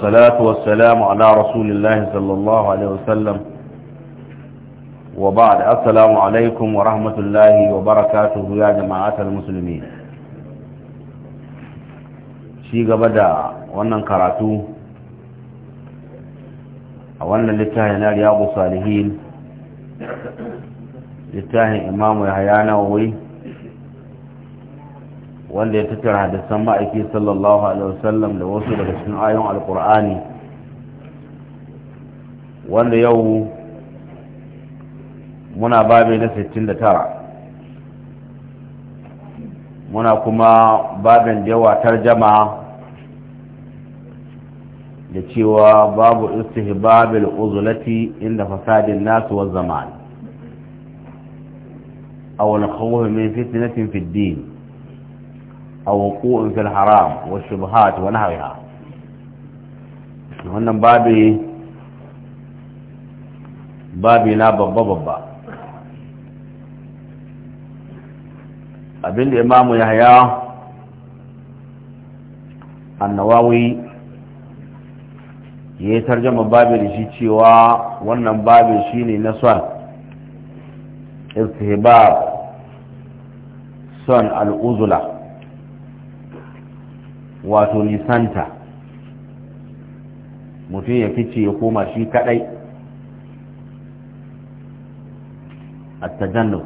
والصلاة والسلام على رسول الله صلى الله عليه وسلم وبعد السلام عليكم ورحمة الله وبركاته يا جماعة المسلمين شيء بدأ وانا karatu وانا لتاهي littafin أبو صالحين لتاهي إمام يحيانا ووي wanda ya tattara hadisan ma'aiki sallallahu alaihi wasallam da wasu daga cikin ayon alkur'ani wanda yau muna babi na 69 muna kuma babin yawa tarjama da cewa babu istihbabil uzulati inda fasadin nasu wa zaman awal khawf min fitnatin fid din A fil haram wa shubhat wa ونحوها wannan babi babi na babba babba abinda imamu yahya annawawi ya yi tarjama babi da shi cewa wannan babi shine na son istihbab son al'uzula wato nisanta mutum ya fice ya koma shi kadai a attajannu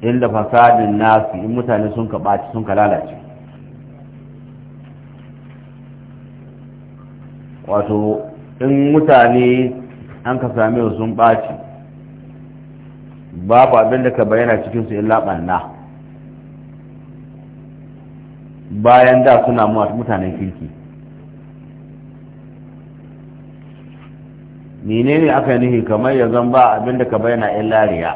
inda fasadin nasu in mutane sun ka ɓaci sun ka lalace wato in mutane an ka same sun ɓaci babu abin da ka bayyana cikinsu in laɓanna bayan da suna mutanen kirki ne aka nihi kamar ya zan ba abinda ka bayyana yan lariya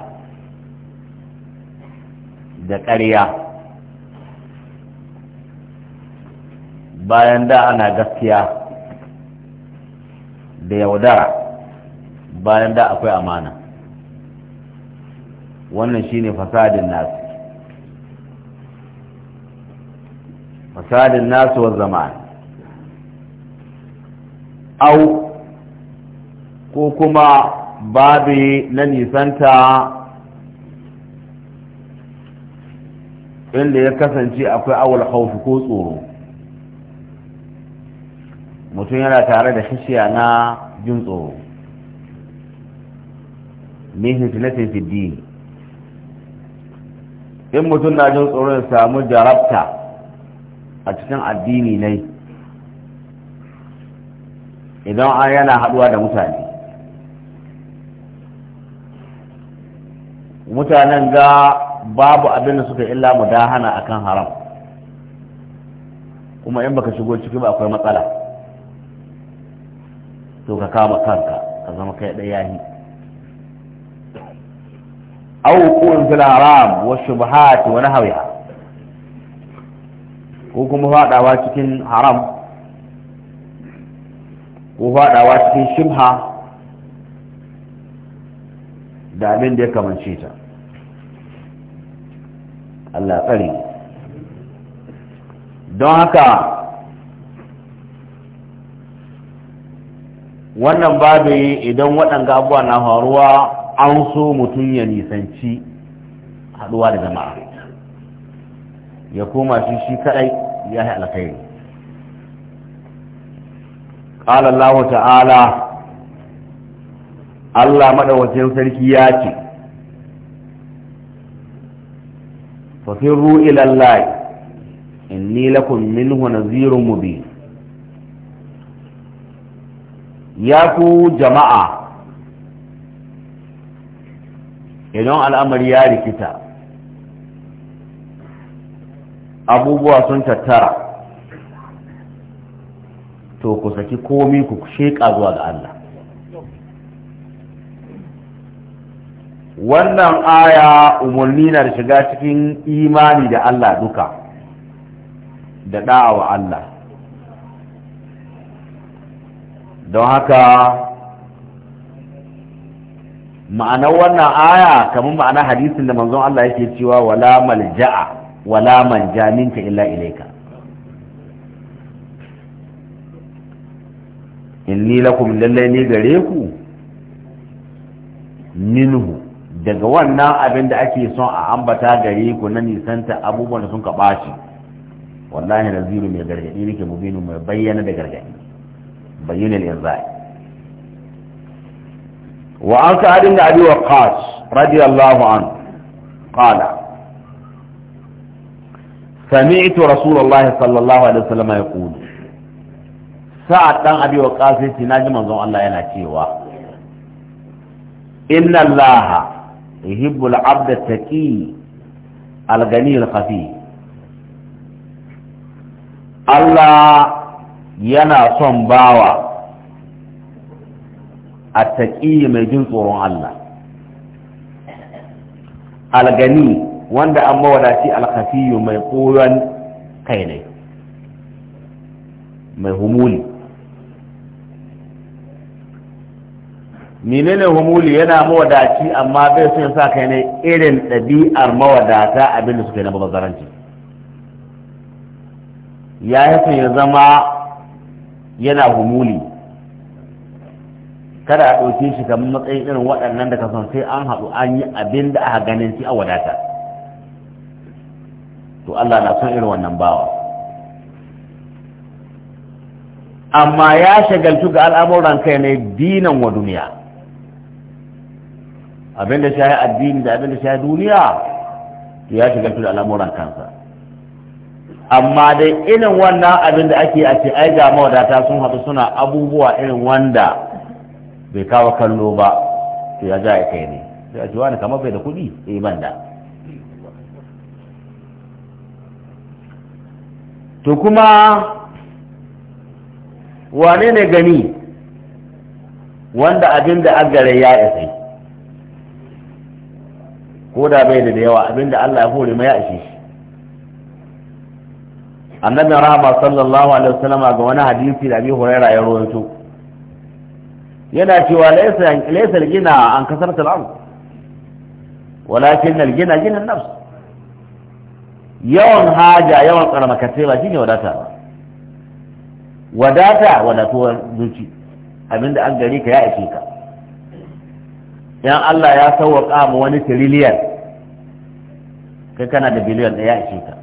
da ƙarya bayan da ana gaskiya da yaudara bayan da akwai amana wannan shine fasadin nasu فساد الناس au. ko kuma بابي na nisanta inda ya kasance akwai awal haufi ko tsoro mutum yana tare da hishiya na jin tsoro min hitinatin fiddi in mutum na jin tsoro ya samu jarabta a cikin addini ne idan an yana haɗuwa da mutane mutanen ga babu abin da suka illa mu da hana akan haram kuma in baka shigo ciki ba akwai matsala to ka kama kanka ka zama kai ɗaya yi au kun haram wa shubhat wa nahwiha ko kuma faɗawa cikin haram ko faɗawa cikin shimha da abin da ya kamance ta Allah tsari don haka wannan babu idan waɗanga abuwa na faruwa an so mutum ya nisanci haɗuwa da jama'a ya koma shi shi kaɗai ya yi alkhairi ƙala Allah ta'ala Allah maɗaukacin sarki ya ce fafirru ilallahi inni lakum minhu nazirun mubin ya ku jama'a idan al'amari ya rikita abubuwa sun tattara to ku saki komi ku sheƙa zuwa ga Allah wannan aya umarni na da shiga cikin imani da Allah duka da da'awa Allah don haka ma'anar wannan aya kamar ma'anar hadisin da manzon Allah yake cewa wala malja'a wala man jaminta illa ilaika inni lakum lallai ni gare ku minhu daga wannan abin da ake son a ambata gare ku na nisanta abubuwan da sun ka ɓaci wallahi naziru mai gargaɗi nake mubinu mai bayyana da gargaɗi bayyana lirzai wa an adin da abi waqas radiyallahu anhu qala sami'tu rasulullahi sallallahu alaihi wasallam yaqulu sa'ad ɗan abi waqas yace naji manzon Allah yana cewa inna allaha يحب العبد التقي الغني الخفي الله yana son bawa a taƙi mai jin tsoron Allah algani wanda an mawadaci alkafiyu mai koyon kai ne mai humuli menene humuli yana mawadaci amma bai so sa kai ne irin ɗabi'ar mawadata abinda suka yi na babazaranci ya yi ya zama yana humuli kada a ɗauke shi kamar matsayin irin waɗannan da ka son sai an haɗu an yi abin da aka ganin shi a wadata to Allah na son irin wannan bawa amma ya shagaltu ga al'amuran kai ne dinan wa duniya Abin da shi addini da abin da shi duniya to ya shagaltu da al'amuran kansa amma dai irin wannan abin da ake a ce ai ga mawadata sun haɗu suna abubuwa irin wanda bai kawo kallo ba to ya ja ya kai ne sai a ce wani kamar bai da kuɗi eh ban da to kuma wane ne gani wanda abin da agare ya isai ko da bai da yawa abin da Allah ya hore ma ya ishe shi annabi rahama sallallahu alaihi wasallam ga wani hadisi da bi huraira ya rawaito yana cewa laysa laysa al-gina an kasarta al-ard walakin al-gina gina an-nafs yawan haja yawan karmakatai ba shine wadata ba wadata wadatuwar zuci abinda an gari ka ya ake ka yan Allah ya sauwaka mu wani trillion kai kana da biliyan da ya ake ka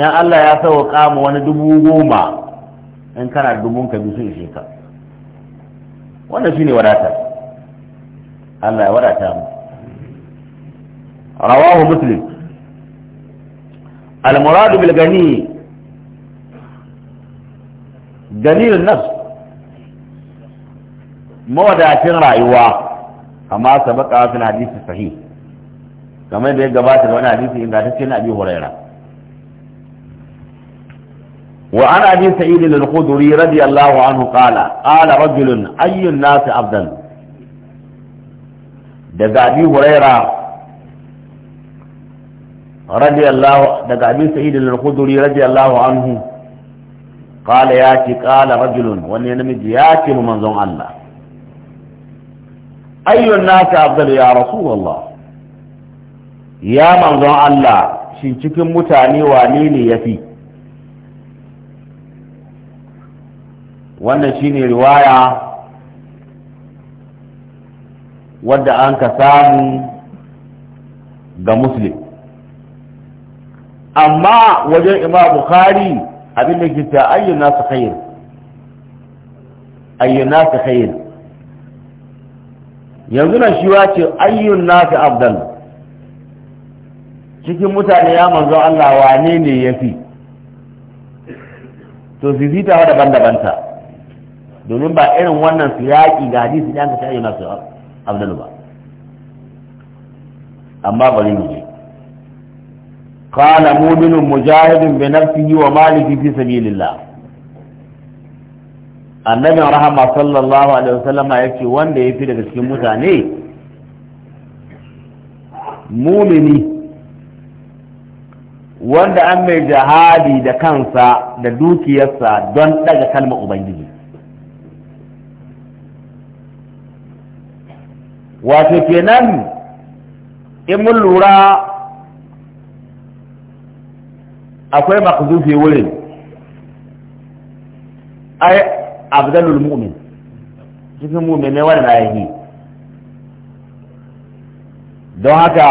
yan Allah ya sauwaka mu wani dubu goma in kana da dubun ka bisu ishe ka wannan shine wadata Allah ya wadata mu رواه مسلم المراد بالغني غني النفس مودعتين رأيوا كما سبق في الحديث الصحيح كما يبقى بات الوانا حديثي إن قادتين أبي هريرة وعن أبي سعيد للقدري رضي الله عنه قال قال رجل أي الناس أفضل دقى أبي هريرة radiyallahu daga abin sa'id al-khudri radiyallahu anhu qala ya ce qala rajulun wani namiji ya ce mu manzon Allah ayyun nasi afdalu ya rasulullah ya manzon Allah shin cikin mutane wani ne yafi wannan shine riwaya wadda an ka samu ga muslim amma wajen imam bukhari abin da ke ta ayyana su khair ayyana su khair yanzu nan shi wa ce ayyuna ka cikin mutane ya manzo Allah wane ne ya fi to wa daban-daban ta domin ba irin wannan su yaƙi ga hadisi da an ka ta ayyana su abdal ba amma bari mu kana mu'minun mujahidin bi nafsihi wa malihi fi sabilillah annabin rahma sallallahu alaihi wasallama ya ce wanda ya fi daga cikin mutane mumini wanda an mai jihadi da kansa da dukiyarsa don ɗaga kalma ubangiji wato kenan in mun lura akwai maqzufi wurin ai abdalul mu'min cikin mu'min ne wannan ayi don haka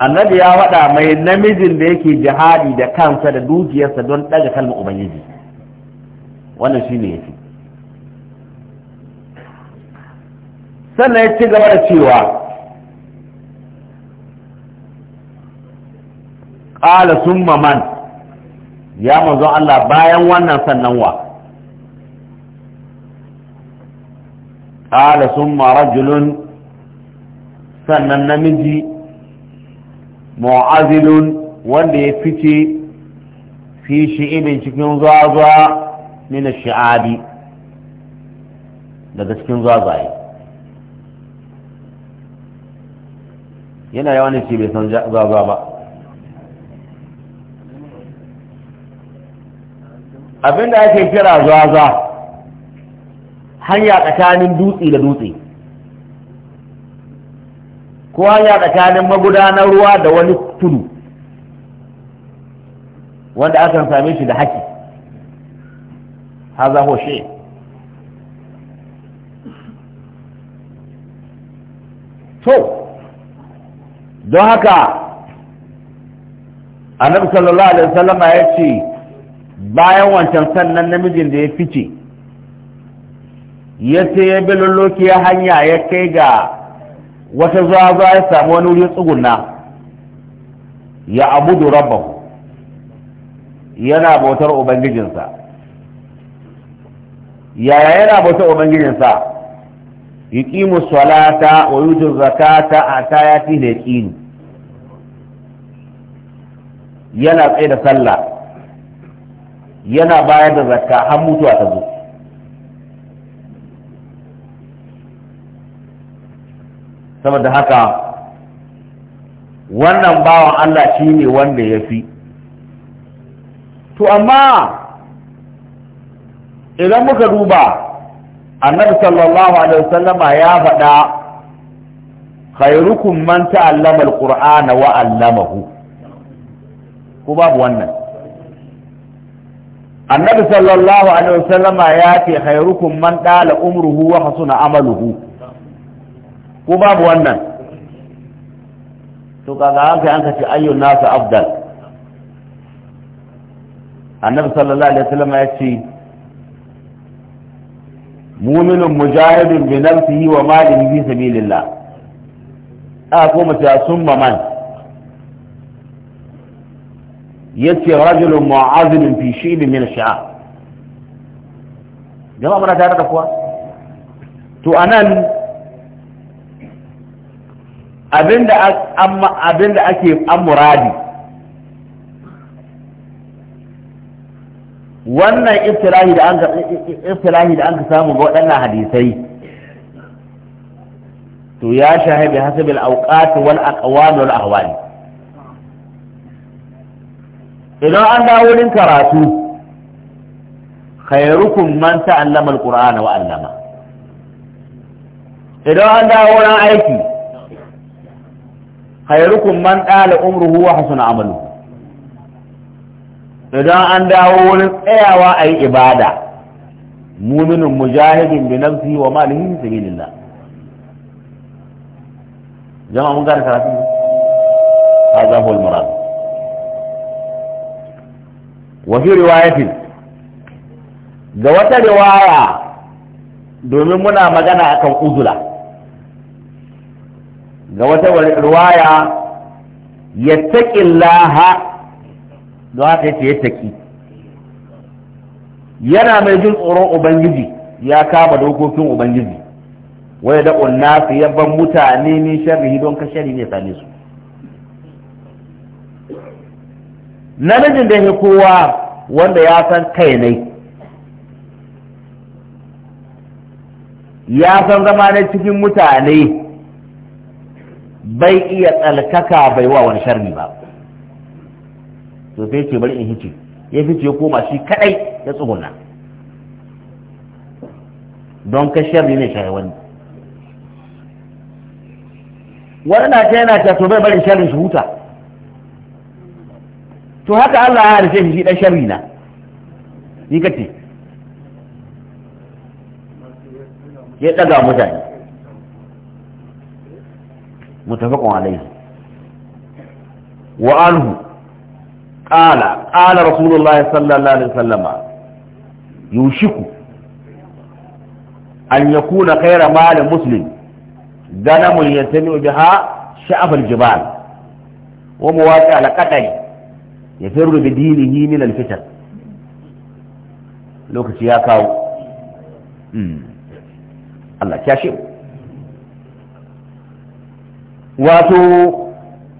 annabi ya faɗa mai namijin da yake jihadi da kansa da dukiyarsa don ɗaga kalmar ubangiji wannan shine yake sannan ya ci gaba da cewa ƙala sun man ya manzo Allah bayan wannan sannan wa ƙala sun rajulun sannan namiji mu'azilun wanda ya fice fi shi'ibin cikin zuwa-zuwa min shi'abi daga cikin zuwa yana yawan ce bai san zuwa-zuwa ba abinda ake kira zuwa-zuwa hanya tsakanin dutse da dutse ko hanya tsakanin magudanar ruwa da wani tudu wanda akan same shi da haki haza hoshe to don haka annabi sallallahu alaihi wasallama ya ce bayan wancan sannan namijin da ya fice ya ce ya bi lulloki ya hanya ya kai ga wata zuwa ya samu wani wuri tsuguna ya abudu rabbahu yana bautar ubangijinsa yaya yana bautar ubangijinsa yuqimu salata wa yutu zakata atayati yaqin yana tsaye da sallah yana bayar da zakka har mutuwa ta zo saboda haka wannan bawan Allah shi ne wanda ya fi to amma idan muka duba annabi sallallahu alaihi wasallama ya faɗa khairukum man ta'allama alqur'ana wa 'allamahu ko babu wannan annabi sallallahu alaihi wasallama ya ce khairukum man dala umruhu wa hasuna amaluhu ko babu wannan to kaga an kai an ka ce ayyun nasu afdal annabi sallallahu alaihi wasallama ya ce mu'minun mujahidun bi nafsihi wa malihi fi sabilillah a ko mace summa man yace rajulun mu'azimin fi shi'bin min sha'a jama'a muna tare da kuwa to anan abinda amma abinda ake an muradi wannan iftilahi da an iftilahi da an samu ga waɗannan hadisai to ya shahibi hasabil awqat wal aqwal wal ahwal idan an dawo wurin karatu khairukum man ta'allama alqur'ana wa 'allama idan an dawo wurin aiki khairukum man dala umruhu wa hasuna amaluhu idan an dawo wurin tsayawa ayi ibada mu'minun mujahidin bi nafsihi wa malihi fi sabilillah jama'a mun ga karatu hadha huwa al-murad wafi riwayatin ga wata riwaya domin muna magana akan uzula ga wata riwaya ya taƙi laha da haka yace ya taƙi yana mai jin tsoron ubangiji ya kama dokokin ubangiji wai da ƙunna su yabban mutane ne sharri don ka shari ne same su namijin da ya kowa wanda ya san kai ne ya san zama ne cikin mutane bai iya tsalkaka bai wa wani sharri ba to sai ce bari in hice ya fice ya koma shi kadai ya tsuguna don ka sharri ne shaye wani wani na ta yana ta to bai bari sharri shi huta to haka Allah ya harshe shi dan sharri na ni kace ya daga mutane mutafaqun alayhi wa anhu qala qala rasulullah sallallahu alaihi wasallam yushiku an yakuna khayra mal muslim ganamun yantami biha sha'ab al-jibal wa muwaqi'a al-qadari ya firru bi dinihi min alfitan lokaci ya kawo hmm. Allah ya shi wato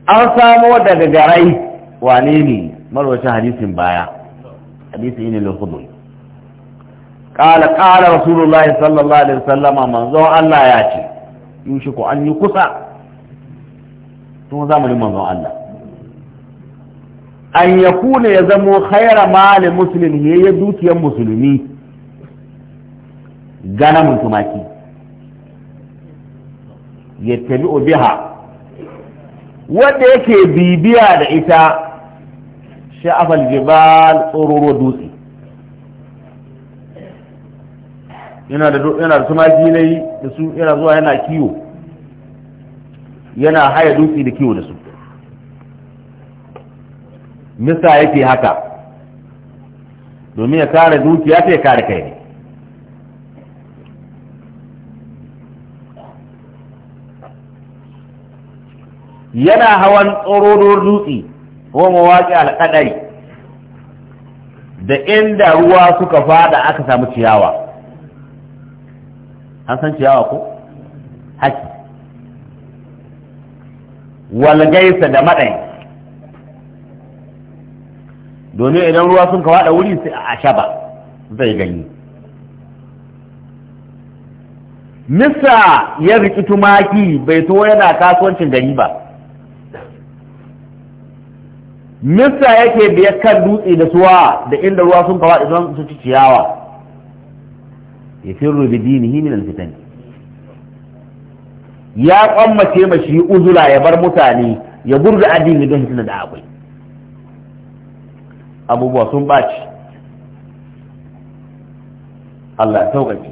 an samo daga garai wane ne marwacin hadisin baya hadisi ne lulhudu قال قال رسول الله صلى الله عليه وسلم من زو الله ياتي يوشك أن يقصى ثم زمن من زو الله an ya kuna ya zamo khaira malin musulmi ya yi dukiyar musulmi gana tumaki ya tabi biha wanda yake bibiya da ita sha'afal jibal tsororo dutse yana da yana da tumaki da su yana zuwa yana kiwo yana haya dutse da kiwo da su misa yake haka domin ya kare dukiya ta ya kare kai ne yana hawan tsororon dutse ko mawaƙi alƙadari da inda ruwa suka fada aka samu ciyawa an san ciyawa ko haki walgaisa da maɗai domin idan ruwa sun kawa da wuri sai a shaba zai gani misa ya riki tumaki bai so yana kasuwancin gari ba misa yake biyar kan dutse da suwa da inda ruwa sun kawa idan su ci ciyawa ya firru bi dinihi min ya kwammace mashi uzula ya bar mutane ya gurga addini don hitina da akwai abubuwa sun ɓaci Allah sauƙaƙi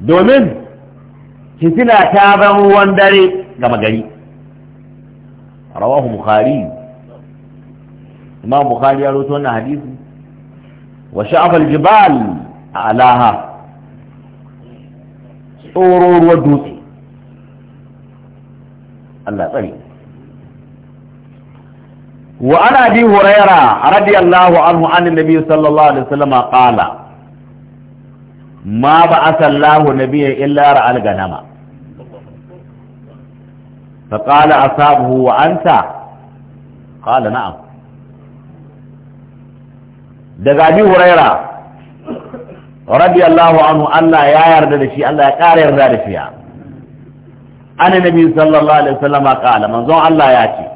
domin fitina ta ban ruwan dare gama gari rawahu bukhari imam bukhari ya rawaito wannan hadisi wa sha'afal jibal a alaha tsoro ruwan dutse Allah tsari. وعن أبي هريرة رضي الله عنه عن النبي صلى الله عليه وسلم قال ما بعث الله نبيا إلا رأى الغنم فقال أصابه وأنت قال نعم daga Abi Huraira radiyallahu anhu Allah ya yarda da shi Allah ya ƙara yarda da shi annabi sallallahu alaihi wasallam qala manzon Allah ya ce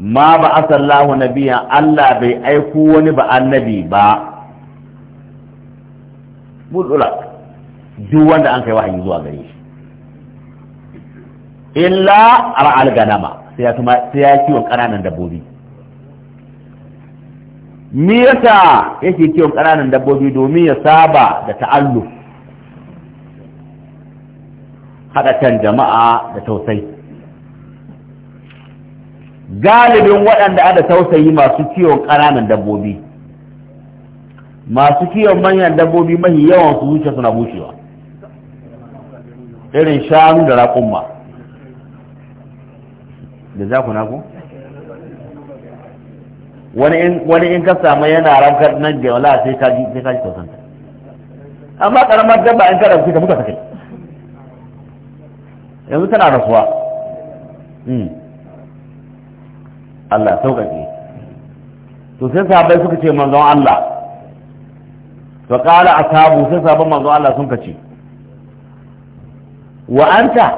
ma ba asallahu nabiyan Allah bai aiko wani ba annabi ba mutlaq duk wanda an kai wahayi zuwa gare shi illa ra'al ganama sai ya kuma sai ya kiwon kananan dabbobi me yasa yake kiwon kananan dabbobi domin ya saba da ta'alluf haɗa kan jama'a da tausayi galibin waɗanda ada tausayi masu kiwon ƙananan dabbobi masu kiwon manyan dabbobi mahi yawan su zuciya suna bushewa irin shanu da raƙumma da za ku na ku wani in ka samu yana rankar nan da wala sai ka ji tausanta amma ƙaramar dabba in ka rabu ta muka ta yanzu tana rasuwa hmm. Allah sauƙaƙe to sai sahabbai suka ce manzon Allah fa a ashabu sai sahabban manzon Allah sun kace wa anta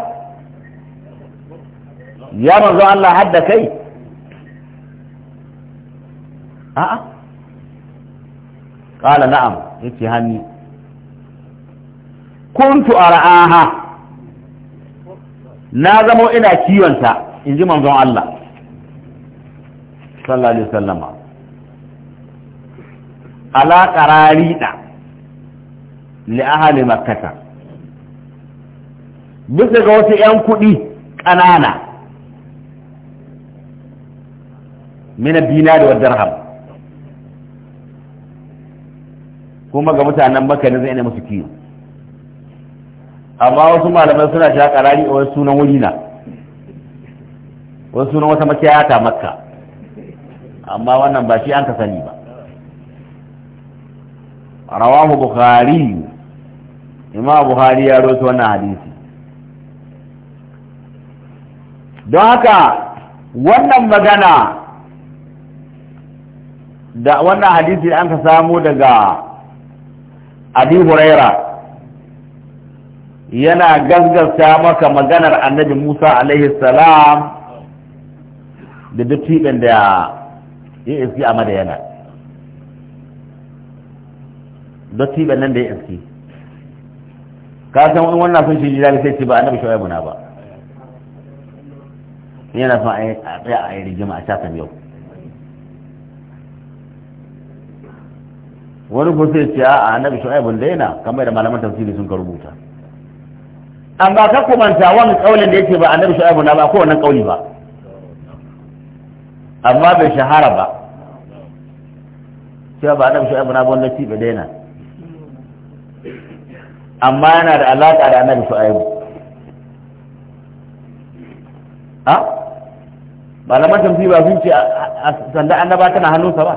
ya manzon Allah hadda kai a'a qala na'am yace hanni kuntu ara'aha na zamo ina kiwonta in ji manzon Allah sallallahu alaihi wasallam ala da li ahli makkah bisa ga wasu yan kuɗi ƙanana mina dinar wa dirham kuma ga mutanen maka ne zai ne musu kiyo amma wasu malamai suna ta karari a wasu sunan wuri na wasu sunan wata makiyata ta makka amma wannan ba shi an ka sani ba rawahu bukhari imam bukhari ya rawaito wannan hadisi don haka wannan magana da wannan hadisi an ka samu daga abi huraira yana gaggasta maka maganar annabi musa alaihi salam da duk da ya iski a mada yana dotti ban nan da ya iski ka san in wannan sun shi jirage sai ce ba annabi shu'aibu na ba yana son a tsaya a yi rigima a shafin yau wani ko sai ce a annabi shu'aibu da yana kamar da malaman tafsiri sun ka rubuta amma ka kumanta wani kaulin da yake ba annabi shu'aibu na ba ko wannan kauli ba amma bai shahara ba cewa ba annabi shu'aibu na lati bai daina amma yana da alaƙa da annabi shu'aibu a malaman tamfi ba sun ce sanda annaba tana hannunsa ba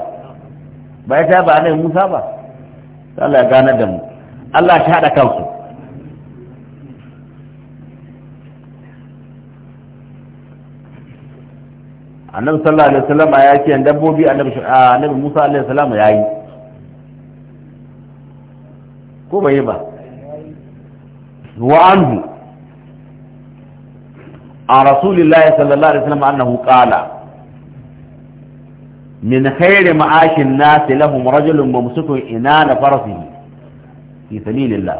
ba ya ta ba annabi musa ba Allah ya ganar da mu Allah ya haɗa kansu annabi sallallahu alaihi wasallam ya ce dabbobi annabi ah, annabi Musa alaihi salam ya yi ko bai yi ba wa anhu a rasulillahi sallallahu alaihi wasallam annahu qala من خير معاش الناس لهم رجل ممسك إنان فرسه في سبيل الله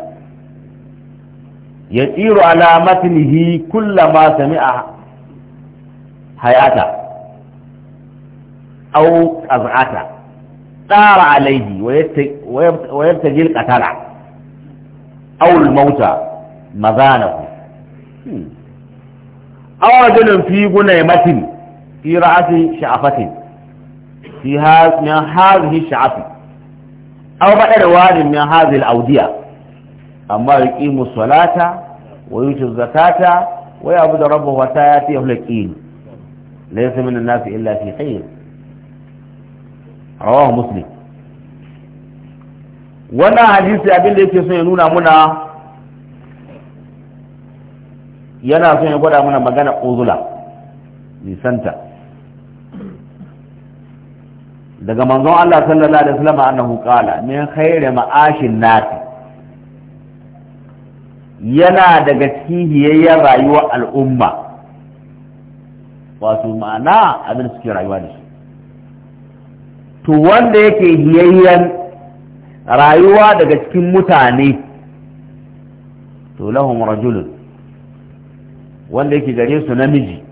يطير على متنه كل sami a hayata. أو قزعته طار عليه ويبتجي القتالة أو الموتى مذانه أو رجل في قنيمة في رأس شعفة في هذا من هذه الشعفة أو بعد واد من هذه الأودية أما يقيم الصلاة ويؤتي الزكاة ويعبد ربه حتى يأتيه اليقين ليس من الناس إلا في خير rawahu muslim wannan hadisi abin da yake son ya nuna muna yana son ya gwada muna magana uzula nisanta daga manzon Allah sallallahu alaihi wasallam annahu qala min khairi ma'ashin nasi yana daga cikin rayuwar al'umma wato ma'ana abin suke rayuwa da shi to wanda yake hiyayyen rayuwa daga cikin mutane to lahum rajulun wanda yake gare su namiji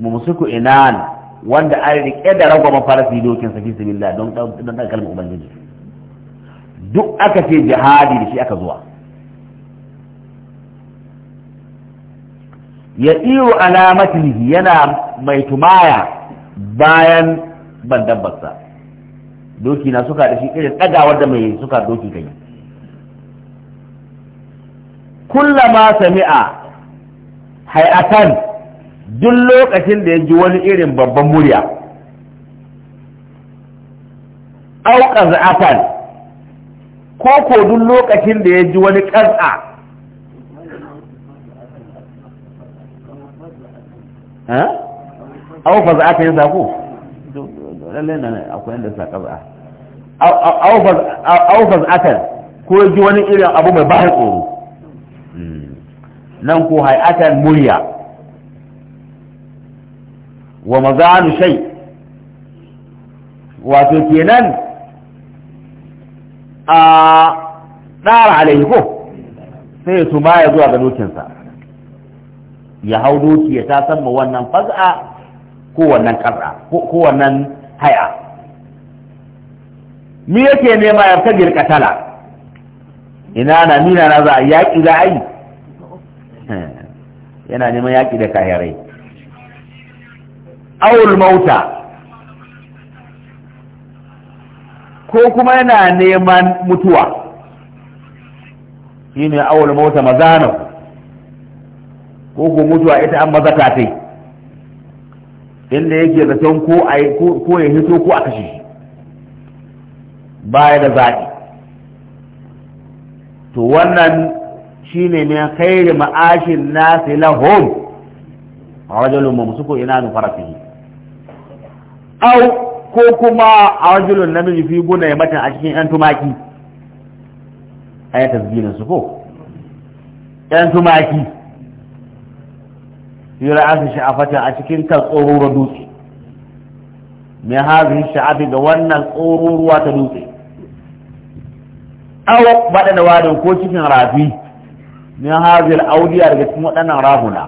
mumsuku inan wanda an rike da ragwama farasi dokin sa fi sabilillah don don dan kalmar ubangiji duk aka ce jihadi da shi aka zuwa ya iyo alamatihi yana mai tumaya bayan ban dabbarsa doki na suka da shi irin ɗagawar da mai suka doki kai kullama sami'a hayatan duk lokacin da ya ji wani irin babban murya auƙar za'atan ko ko duk lokacin da ya ji wani ƙasa Huh? aw fa za a yi sako lallai nan akwai za za ko ji wani irin abu mai bahar tsoro hmm. nan ko hay'atan murya wa mazanu shai, wato kenan a tsara alaihi ko sai su ma ya zuwa ga dokinsa ya hau doki ya ta san wannan faz'a ko wannan ƙasa ko wannan haya mi yake nema ya tagir katala ina na Ni na za a yaƙi za a yi yana neman yaƙi da kahirai awul mauta ko kuma yana neman mutuwa shine awul mauta mazanau ko ko mutuwa ita an mazata inda yake zaton ko a ko ya hito ko a kashe shi baya da zaɓi to wannan shi ne min khairi ma'ashin nasi lahum rajulun suko, ina nu farafihi Au ko kuma a rajulun namiji fi guna ya matan a cikin yan tumaki ayata zinin su ko yan tumaki fi ra'asi sha'afatin a cikin kan tsororo dutse mai hazi sha'afi ga wannan tsororuwa ta dutse awa baɗana wadin ko cikin rafi min hazil audiya daga cikin waɗannan rahuna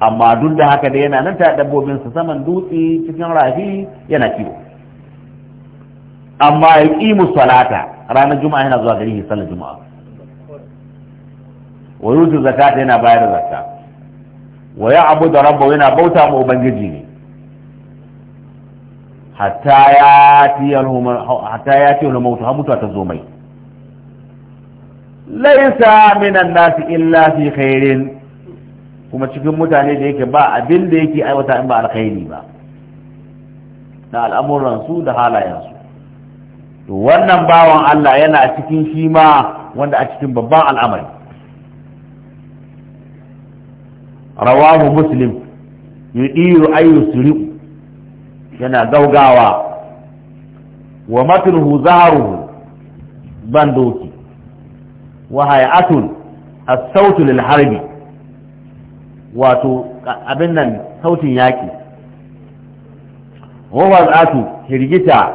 amma duk da haka da yana nan ta dabbobin su saman dutse cikin rafi yana kiwo amma ya qimu salata ranar juma'a yana zuwa gari sallar juma'a wa yutu zakata yana bayar da zakata wa ya abu da rabba yana bauta ma ubangiji ne hatta ya ce wani mautu Hamutu ta zo mai laisa minan nasi illa fi khairin kuma cikin mutane da yake ba abin da yake aiwata in ba alkhairi ba na al'amuransu da halayensu to wannan bawan Allah yana cikin shi ma wanda a cikin babban al'amari rawahu muslim yudiru ayu suriu yana gaugawa wa matruhu zaharuhu bandoki wa hay'atun as-sautu lil harbi wato abin nan sautin yaki wa wazatu hirgita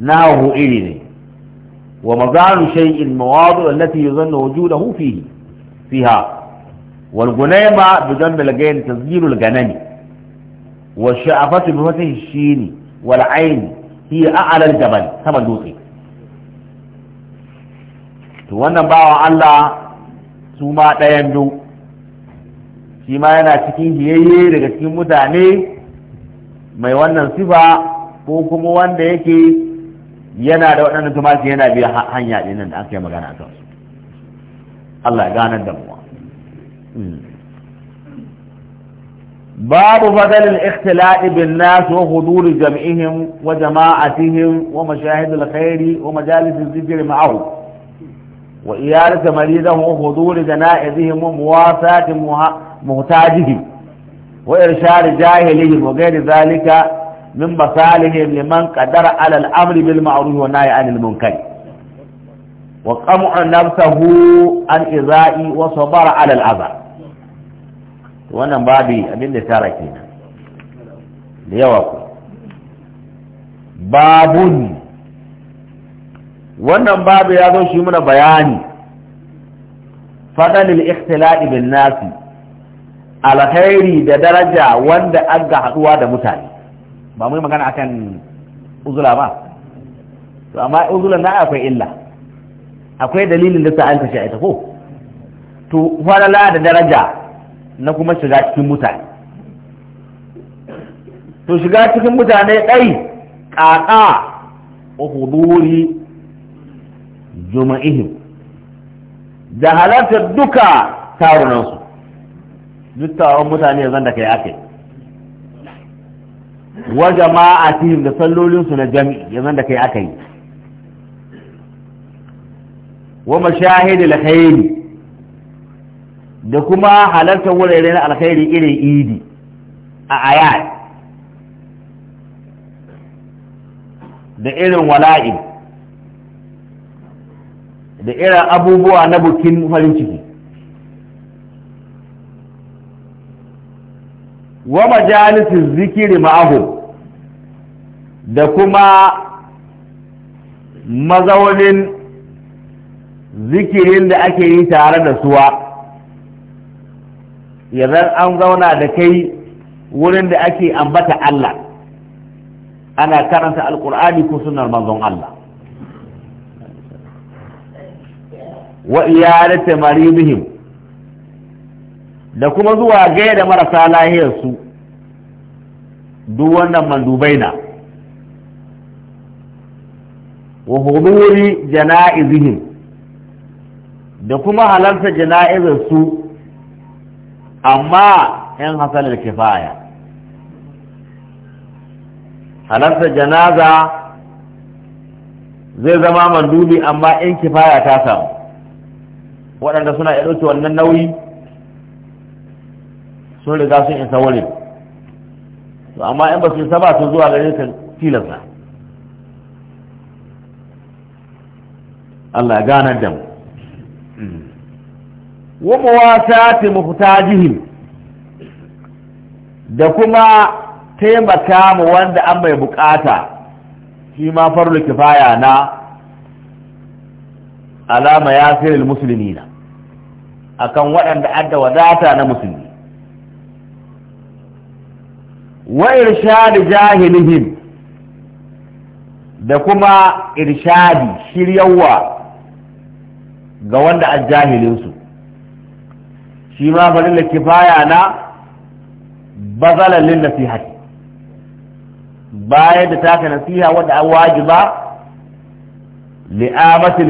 nahu iri ne wa mazanu shay'in mawadu allati yuzannu wujudahu fihi fiha Wan ganema du ɗan daligai da tasgidul gane ne wasu a fasin fasin shi ne wannan ba wa Allah suma dayan du shi ma yana cikin biyayye daga cikin mutane mai wannan sifa ko kuma wanda yake yana da wannan tumartin yana biyar hanya da idan magana a kan Allah ya gane da mu ma. باب فضل الاختلاط بالناس وحضور جمعهم وجماعتهم ومشاهد الخير ومجالس الذكر معه وإيادة مريضهم وحضور جنائزهم ومواساة محتاجهم وإرشاد جاهلهم وغير ذلك من مصالحهم لمن قدر على الأمر بالمعروف والنهي عن المنكر وقمع نفسه عن إذائي وصبر على الأذى wannan babi abin da tara kenan da yawa ku babun wannan babu ya zo shi muna bayani fadalil ikhtila'i bin nasi alkhairi da daraja wanda an ga haduwa da mutane ba mu yi magana akan uzula ba to amma uzula na akwai illa akwai dalilin da sa an kashe ita ko to la da daraja na kuma shiga cikin mutane to shiga cikin mutane ɗai ƙaƙa a uhuduri juma'ihim da halartar duka tarunansu duk taron mutane zan da kai ake wa jama'atihim da sallolinsu na jami'i yanzu da kai aka yi wa mashahidi alkhairi da kuma halarta wurare na alkhairi irin idi a ayat da irin wala'i da irin abubuwa na bukin farin ciki wa majalisin zikiri ma'ahu da kuma mazaunin zikirin da ake yi tare da suwa ya an zauna da kai wurin da ake ambata Allah ana karanta alkur'ani ko sunar manzon Allah wa iyalata maridihim da kuma zuwa gaya da marasa lahiyarsu duk wannan mandubai na wa huduri jana'izihim da kuma halarta jana'izarsu amma yan hasalar kifaya halarta janaza zai zama mandubi amma in kifaya ta samu waɗanda suna iya ɗauke wannan nauyi sun riga sun isa wurin to amma in ba su isa ba su zuwa gare ka tilasta Allah ya ganar da mu hmm. wa muwasati da kuma taimaka mu wanda an mai bukata shi ma farlu kifaya na alama ya yasiril muslimina akan waɗanda adda wadata na musulmi wa irshadi jahilihim da kuma irshadi shiryawa ga wanda a jahilinsu shi ma na kifaya na bazalan lin nasihati bayan da taka nasiha wadda an wajiba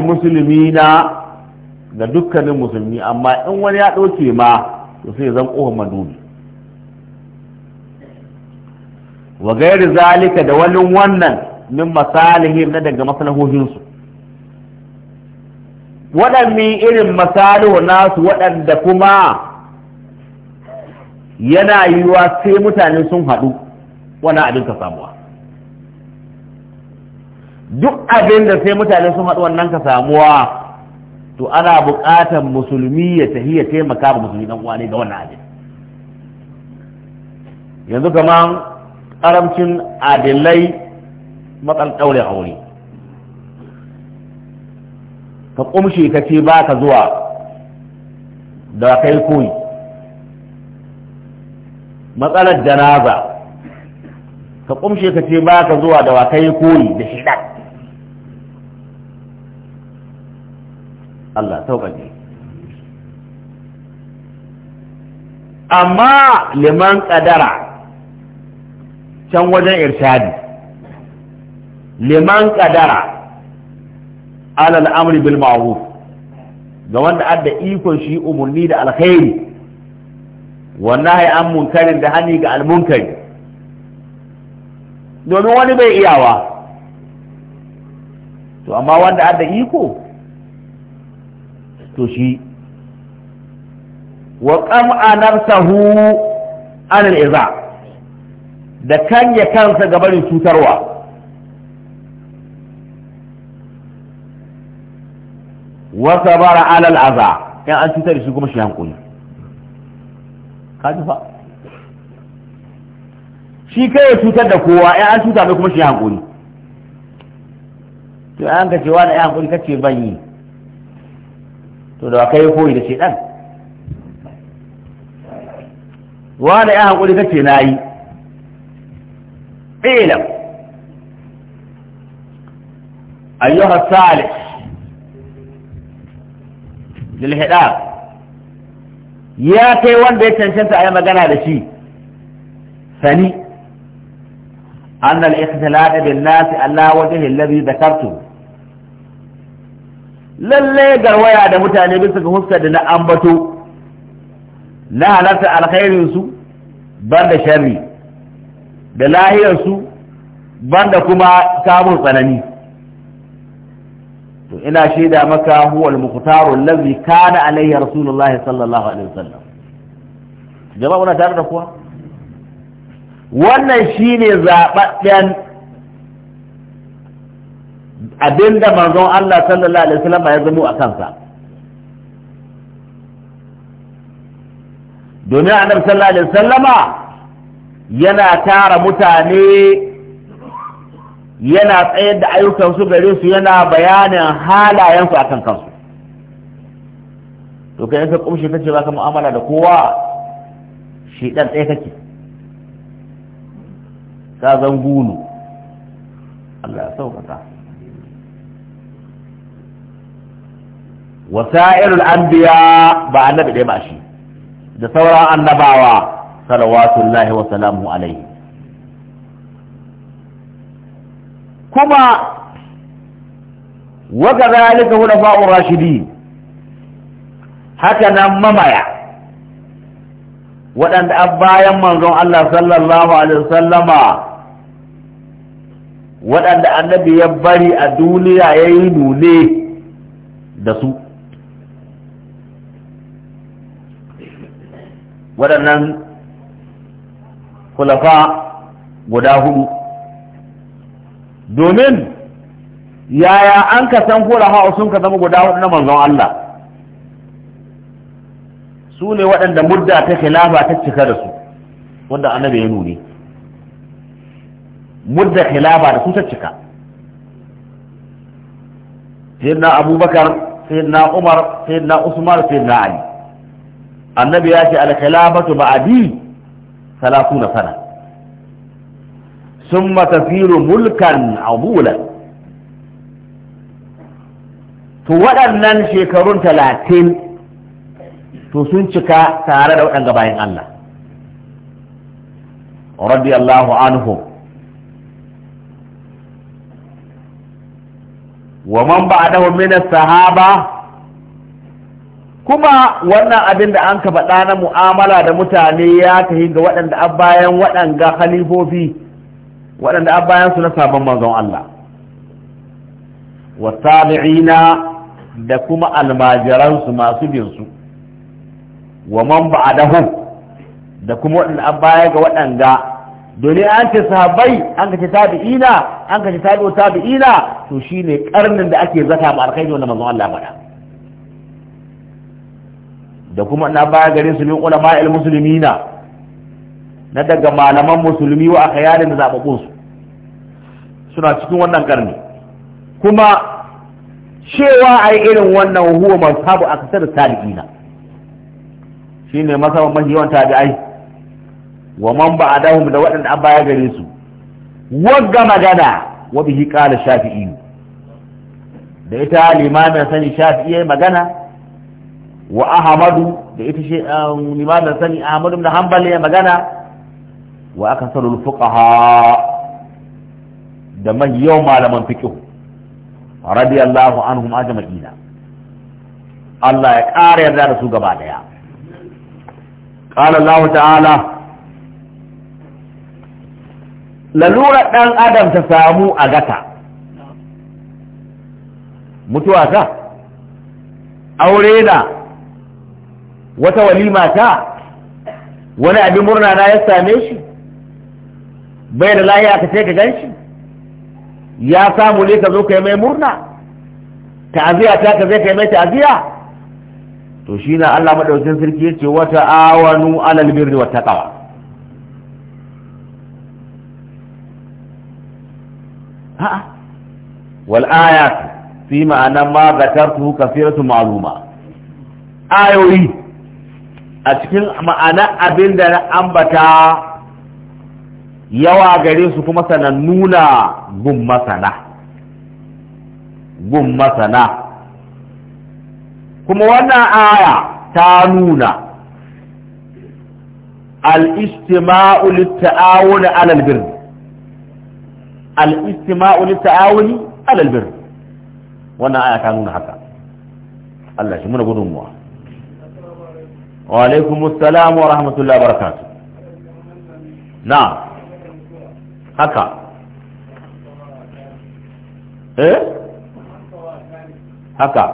musulmi na ga dukkanin musulmi amma in wani ya ɗauke ma to sai zan ƙohon madubi wa gairi zalika da wani wannan min masalihim na daga maslahohinsu waɗanne irin masalihu nasu waɗanda kuma yana yiwuwa sai mutane sun haɗu wani abin ka samuwa duk abin da sai mutane sun haɗu wannan ka samuwa to ana buƙatar musulmi ya tafi ya taimaka ba musulmi ɗan uwa ne ga wannan abin yanzu kamar ƙaramcin adilai matsan ɗaure aure ka kumshe ka ce ba ka zuwa da kai koyi matsalar janaza ka kumshe ka ce ba ka zuwa da kai koyi da shidan Allah sauƙaƙe amma liman kadara can wajen irshadi liman kadara alal amri bil ma'ruf ga wanda adda ikon shi umurni da alkhairi wannan ya an munkarin da hani ga almunkari domin wani bai iyawa to amma wanda adda iko to shi wa qam'a nafsahu anil iza da kanya kansa gabarin cutarwa wa sabara alal aza ya an cutar da shi kuma shi hankuli kaji fa shi kai ya cutar da kowa ya an cuta mai kuma shi hankuli to an ka cewa da ya hankuli kace ban yi to da kai ya koyi da dan, wa da ya hankuli kace nayi ilam ayyuha salih zulhida ya kai wanda ya cancanta a yi magana da shi sani an ikhtilafi bin nasi Allah wajhi alladhi dhakartu lalle garwaya da mutane bisa ga huskar da na ambato na halarta alkhairin su banda sharri da lahiyar su banda kuma samun tsanani to ina shaida maka huwal muqtaru allazi kana alayhi rasulullahi sallallahu alaihi wasallam jama'a muna tare da kuwa wannan shine zababben abinda manzon Allah sallallahu alaihi wasallam ya zamo a kansa domin annabi sallallahu alaihi wasallama yana tara mutane yana tsayar da ayyukansu gare su yana bayanin halayensu a kan kansu to kai ka kumshi kace ba ka mu'amala da kowa shi dan tsaye kake ka zan gulu Allah ya sauƙaƙa wasa'irul anbiya ba annabi ɗaya ماشي shi da sauran annabawa الله وسلامه عليه kuma waka zalika hulafa'ur rashidi haka nan mamaya waɗanda an bayan manzon Allah sallallahu alaihi wasallama waɗanda annabi ya bari a duniya ya yi nune da su waɗannan kulafa guda hudu domin yaya an ka san ko hau sun ka zama guda hudu na manzon Allah su ne waɗanda mudda ta khilafa ta cika da su wanda annabi ya nuni mudda khilafa da su ta cika sayyidina abubakar sayyidina umar sayyidina usman sayyidina ali annabi ya ce al khilafatu ba'di 30 sana ثم تسير ملكا عضولا to waɗannan shekarun talatin to sun cika tare da waɗanda bayan Allah radiyallahu anhu wa man ba'dahu min sahaba kuma wannan abin da an ka faɗa na mu'amala da mutane ya tafi ga waɗanda bayan waɗanga khalifofi waɗanda a bayansu na sabon manzon Allah wa wasabi'ina da kuma almajiransu masu binsu wa man ba'adahu da kuma waɗanda a baya ga waɗanda domin an ce sahabbai an kace tabi'ina an kace tabi'u tabi'ina to shine karnin da ake zata ba alkhairi wanda manzon Allah faɗa da kuma na baya gare su min ulama'il muslimina na daga malaman musulmi wa aka yare da suna cikin wannan karni kuma cewa a yi irin wannan huwa mazhabu a kasar tabi'ina shi ne masaban mafi yawan tabi'ai wa man ba a da waɗanda an baya gare su wagga magana wa bihi qala shafi'i da ita limamin sani shafi'i magana wa ahmadu da ita um, limamin sani ahmadu da hanbali magana واكثر الفقهاء دم يوم علم فقه رضي الله عنهم اجمعين الله يقار يرضى رسو غبا ديا قال الله تعالى لورا دان ادم تسامو اغتا متوا كا اوريدا وتوليما كا ولا ابي مرنا لا يستاميشي bai da lahiya ka ce ka gan shi ya samu ne ka zo ka yi mai murna ta'aziya ta ka zai ka yi mai ta'aziya to shi na Allah maɗaukin sarki ya ce wata awanu alal birri wa taqwa a'a wal ayat fi ma'ana ma zakartu su ma'luma ayoyi a cikin ma'ana abinda na ambata yawa gare su kuma sanannu na gun masana gun masana kuma wannan aya ta nuna al-istima'u lit-ta'awun 'ala al-birr al wannan aya ta nuna haka Allah shi muna gudunmuwa wa alaikumus salam wa rahmatullahi wa barakatuh na'am haka eh haka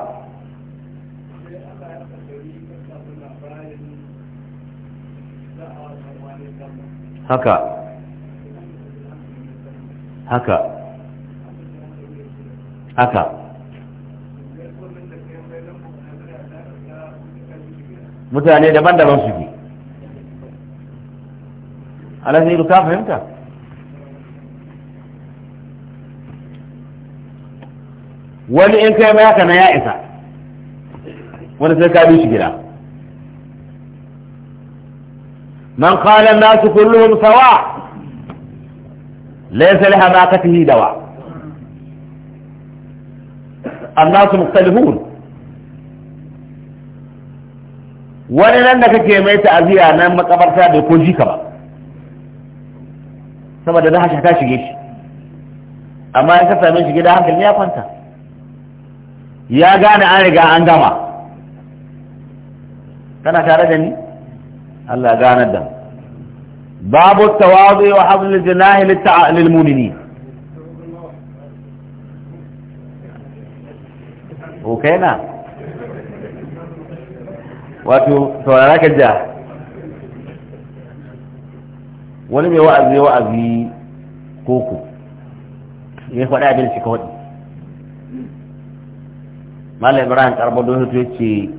haka haka haka mutane daban-daban suke alhaziru ka fahimta wani in kai mai na ya isa wani sai ka bi shi gida man qala an-nasu kulluhum sawa laysa li hamakatihi dawa an-nasu mukhtalifun wani nan da kake mai ta'aziya nan makabarta da ko jika ba saboda za ta shige shi amma in ka same shi gida hankali ya kwanta ya gane an riga an gama kana tare da ni Allah ganar da babu tawazu wa hazlul jinahi lil mu'minin o kaina wato saurara ka ja wani mai wa'azi wa'azi koko ya faɗa abin shi ka waɗi malam ibrahim karbo don hito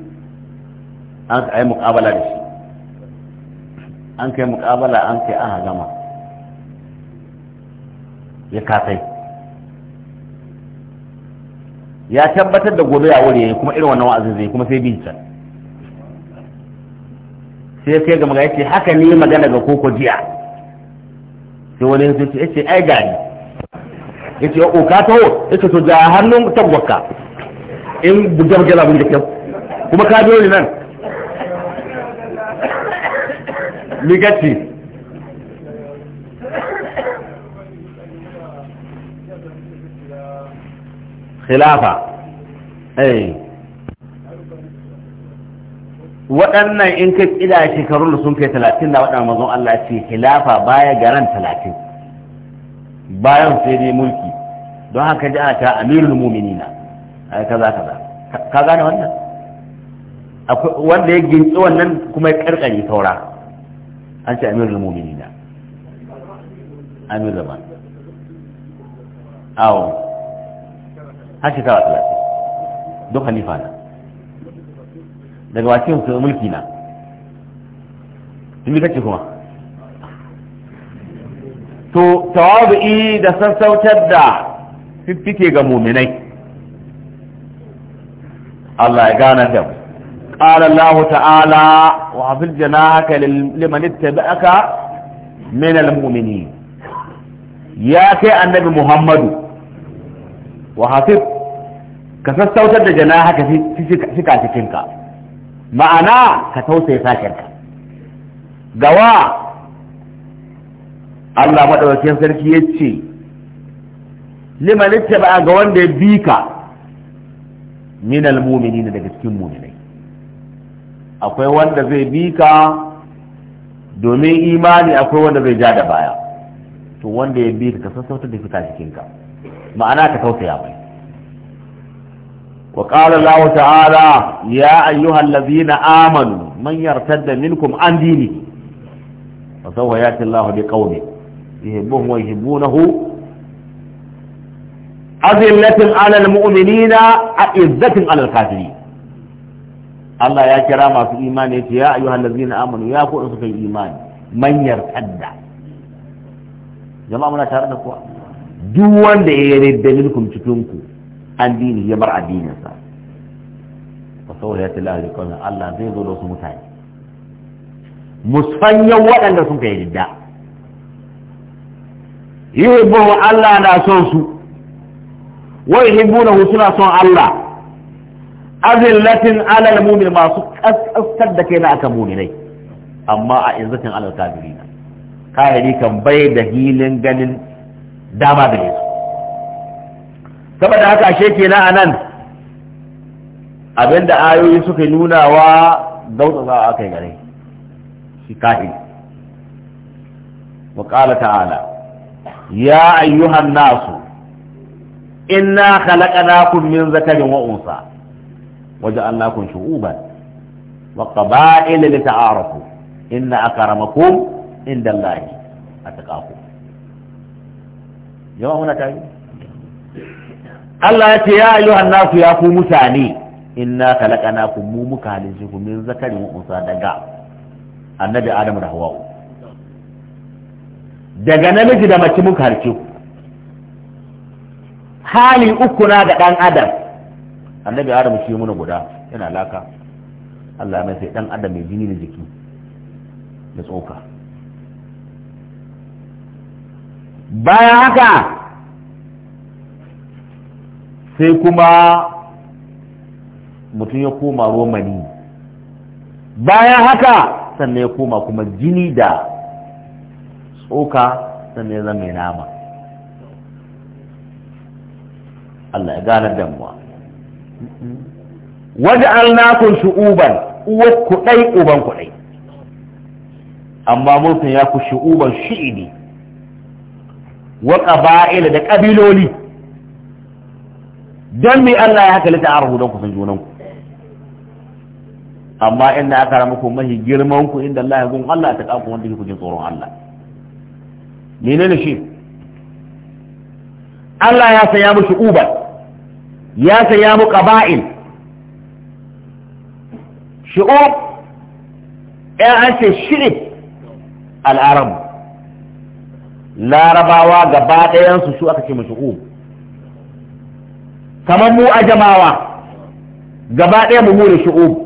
yace an kai muƙabala da shi an kai muƙabala an kai aha gama ya kasai ya tabbatar da gobe ya wuri kuma irin wannan wa'azin zai kuma sai bin can sai sai ga magana yace haka ne magana ga koko jiya sai wani yace yace ai gani yace o ka taho yace to ga hannun tabbaka in buga buga abin da kyau kuma ka biyo ni nan ligati khilafa eh waɗannan in ka ƙida shekarun da sun kai talatin da waɗannan mazan Allah ce khilafa baya garan talatin bayan sai dai mulki don haka ji ta amirul muminina kaza kaza ka gane wannan wanda ya gintsi wannan kuma ya karkare taura. an ce amirul mu'minina amir zaman awo har shekara talatin don halifa na daga wasu su mulki na tumi kace kuma to tawabi da sassautar da fiffike ga muminai Allah ya gane da mu qala Allah ta'ala wa haka janahaka liman aka minal almu'minin ya kai annabi Muhammadu wa hafif ka sassautar da haka fika cikinka ma'ana ka tausaya sashenka gawa Allah maɗaukakin sarki ya ce liman ba ga wanda ya bi ka minal ne daga cikin mu'minai akwai wanda zai bi ka domin imani akwai wanda zai ja da baya to wanda ya bi ka sassauta da fita cikin ma'ana ka tausaya mai wa qala Allah ta'ala ya ayyuhal ladzina amanu man yartadda minkum an dinihi fa sawfa yati Allah bi qaumin yuhibbuhum wa yuhibbunahu azillatin alal mu'minina a izzatin alal kafiri Allah ya kira masu imani ce ya ayyuhal ladzina amanu ya ku in suka yi imani man yartadda jama'a muna tare da kuwa duk wanda ya yi dalilkum cikin ku an dini ya bar addininsa wa saboda tilawa da kawai Allah zai zo da wasu mutane musanyan waɗanda sun kai ridda yi Allah na son su wa hu suna son Allah azillatin alal mu'min masu kaskastar da kai na aka mu'minai amma a izzatin alal kafirin kafiri kan bai da hilin ganin dama da su saboda haka ashe kenan anan abinda ayoyi suka nuna wa dauda za a kai gare shi kafiri wa qala ta'ala ya ayyuhan nasu inna khalaqnakum min zakarin wa unsa waja'alnakum shu'uban wa qaba'ila lita'arafu inna akramakum indallahi Allahi atqakum jama'a muna tare Allah ya ce ya ayyuhan nasu ya ku mutane inna khalaqnakum mu muka halice ku min zakarin wa unsa daga annabi Adam da Hawwa daga namiji da mace muka halice ku hali uku na ga dan adam annabi adam shi muna guda yana laka Allah mai sai dan adam mai jini da jiki da tsoka bayan haka sai kuma mutum ya koma romani bayan haka sannan ya koma kuma jini da tsoka sannan ya zama nama Allah ya ganar da muwa mu waj'alnakum shu'uban uwar ku dai uban kuɗai amma mulkin ya ku shu'uban shi'idi wa qaba'ila da ƙabiloli don me Allah ya haka lita arhu don kusan junanku junan ku amma inda aka rama ku mahi girmanku inda Allah ya gun Allah ta kaku wanda ku jin tsoron Allah ne shi Allah ya sanya mu shu'uban ya saya mu ƙaba'il shi'ub ya an ce shirin al'arab larabawa gaba ɗayansu su aka ce mu shi'ub kamar mu a jamawa gaba ɗaya mu mure shi'ub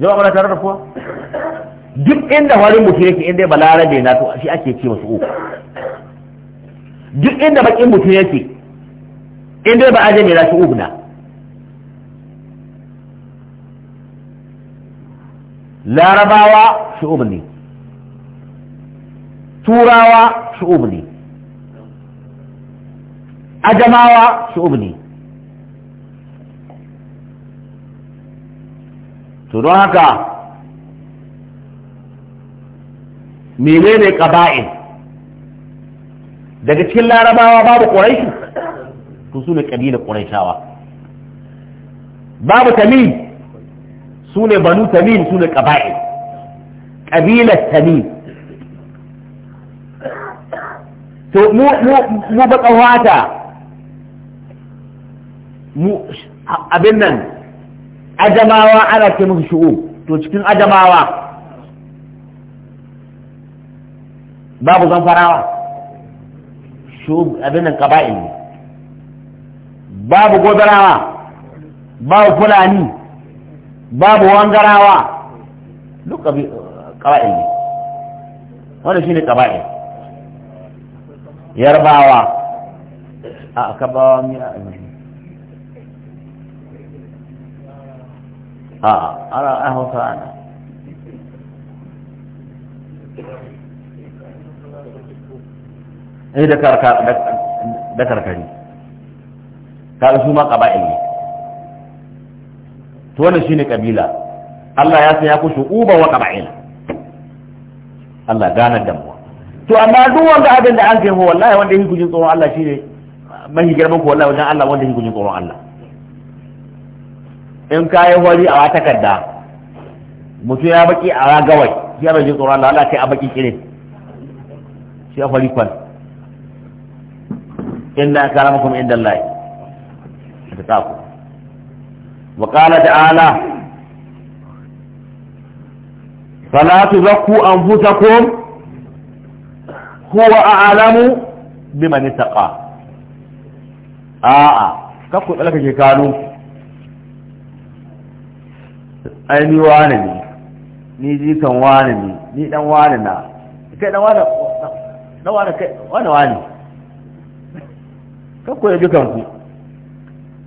jama'a mana tare da kuwa duk inda warin mutum yake inda ba larabe na to shi ake ce masu uku duk inda bakin mutum yake in dai ba ajami la shu'ubna larabawa shu'ub ne turawa shu'ub ne ajamawa shu'ub ne to don haka menene ƙaba'in daga cikin larabawa babu ƙuraishi to su ne ƙabilar ƙuraishawa babu tamim su ne banu tamim su ne ƙaba'i ƙabilar tamim to mu baka wata abin nan ajamawa ana ce musu shu'u to cikin ajamawa babu zamfarawa shu'u abin nan ƙaba'in ne babu godarawa babu fulani babu wangarawa duk kawai ne wanda shi ne ƙaba'il yarbawa a kabawa miya a ana a hausa ana eh da karkari kaga su ma qaba'il ne to wannan shine kabila Allah ya san ya ku uba wa qaba'il Allah gana da mu to amma duk wanda abin da an ga ho wallahi wanda yake gujin tsoron Allah shine mai girman ku wallahi wajen Allah wanda yake gujin tsoron Allah in kayi wari a takarda mutum ya baki a ragawai shi ya rage tsoron Allah Allah sai a baki kire shi a farikon inna karamakum indallahi da ala salatu qala ta'ala fala tuzakku anfusakum huwa a'lamu bi biman taƙa a'a kakku tsalaka ke kanu ainihin wani ne ni jikan wani ne ni dan wani na kai dan wani na wani kai wani wani kakku ya jikan ku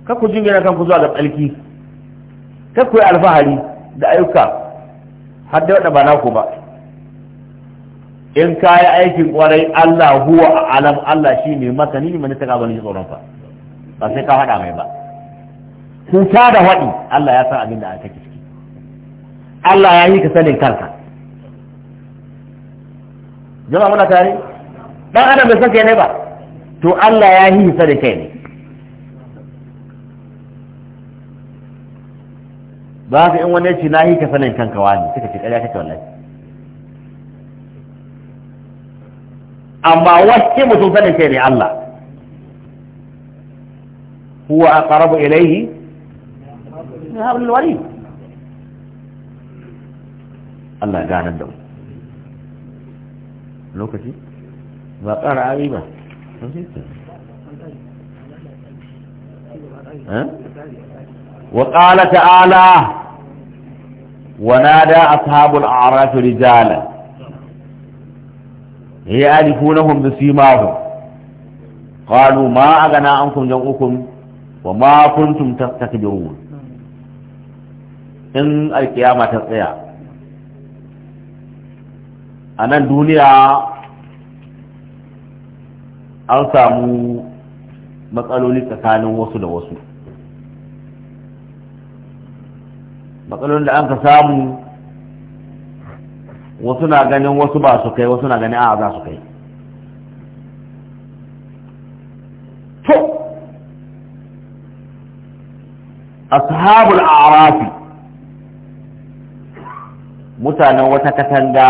kakku ku jingina kanku zuwa ga tsalki kakku yi alfahari da ayyuka har da wadda ba naku ba in ka yi aikin kwarai Allah huwa a alam Allah shi ne masani ne mani gaban shi tsoron fa ba sai ka haɗa mai ba ta da haɗi Allah ya san abin da aka ciki Allah ya yi ka sanin kanka jama'a muna tare dan adam bai san kai ne ba to Allah ya yi sa da kai ne ba haka in wani ce na yi ka sanin kanka wani suka ce ƙarya kake wallahi amma wacce mutum sanin kai ne Allah huwa aqrabu ilayhi min hablil warid Allah gane da mu lokaci ba ƙara ari ba eh Waƙala ta'ala wa na da asabar a arafin Rijala. Ya yi adiko na agana a hankulikin wa makuntun ta ke In a yi ƙiyama ta tsaya. A duniya an samu matsaloli tsakanin wasu da wasu. matsalolin da an ka samu wasu na ganin wasu ba su kai wasu na ganin a za su kai to ashabul a'rafi mutanen wata katanga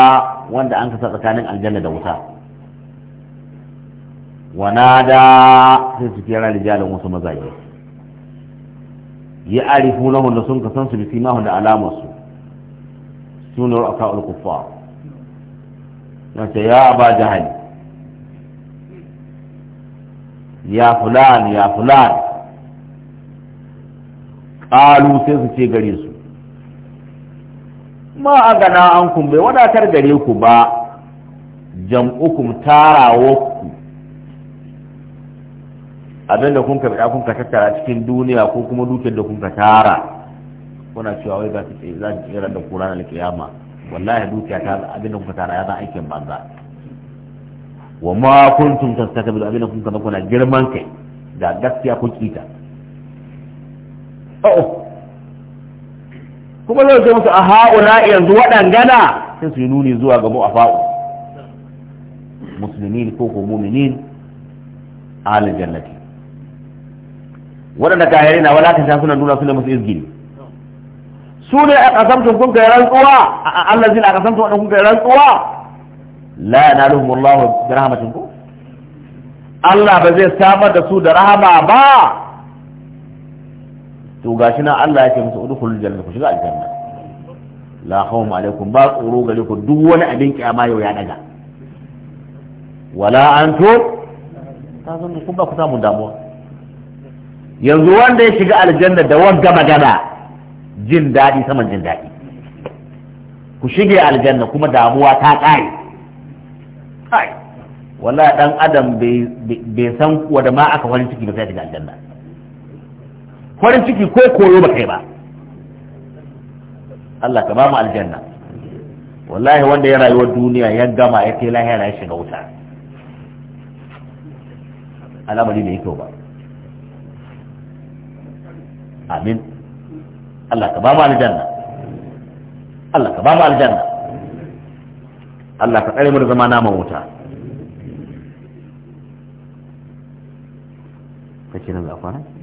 wanda an kasa tsakanin aljanna da wuta wanada sai su kira rijalin wasu mazaje ya arifu na wanda sun ka san su bisi mahu da su sunar a ka'ul kufa wata ya ba jahali ya fulan ya fulan ƙalu sai su ce gare su ma a gana an kun bai wadatar gare ku ba jam'ukum tarawo abin da kun karɓa kun ka tattara cikin duniya ko kuma dukiyar da kun ka tara kuna cewa wai za ki za ki tsira da kura na alƙiyama wallahi dukiya ta abin da kun ka tara ya zan aikin banza wa ma kuntum tastakbiru abin da kun ka kuna girman kai da gaskiya kun kita oh kuma zai ce musu a na yanzu waɗangana sai su yi nuni zuwa ga mu'afa'u musulmi ko ko mu'minin alal jannati waɗanda kayarai na walakanta suna nuna suna musu ne. su ne a kasamtun kun kai rantsuwa a Allah zai a kasamtun waɗanda kun kai rantsuwa la na luhum Allah da rahamatin ku Allah ba zai samar da su da rahama ba to gashi nan Allah ya ce musu udkhulul janna ku shiga aljanna la khawfun alaikum ba tsoro gare ku duk wani abin kiyama yau ya daga wala antum ta zo ku ba ku samu damuwa yanzu wanda ya shiga aljanna da wagga magana jin daɗi saman jin daɗi ku shige aljanna kuma damuwa ta ƙare kai wala ɗan adam bai san wanda ma aka farin ciki ba sai shiga aljanna farin ciki ko koyo ba kai ba Allah ka ba mu aljanna wallahi wanda ya rayuwar duniya ya gama ya kai lahira ya shiga wuta al'amari bai kyau ba amin Allah ka ba mu aljanna Allah ka ba mu aljanna Allah ka tsare mu da zama naman wuta kake nan za kwana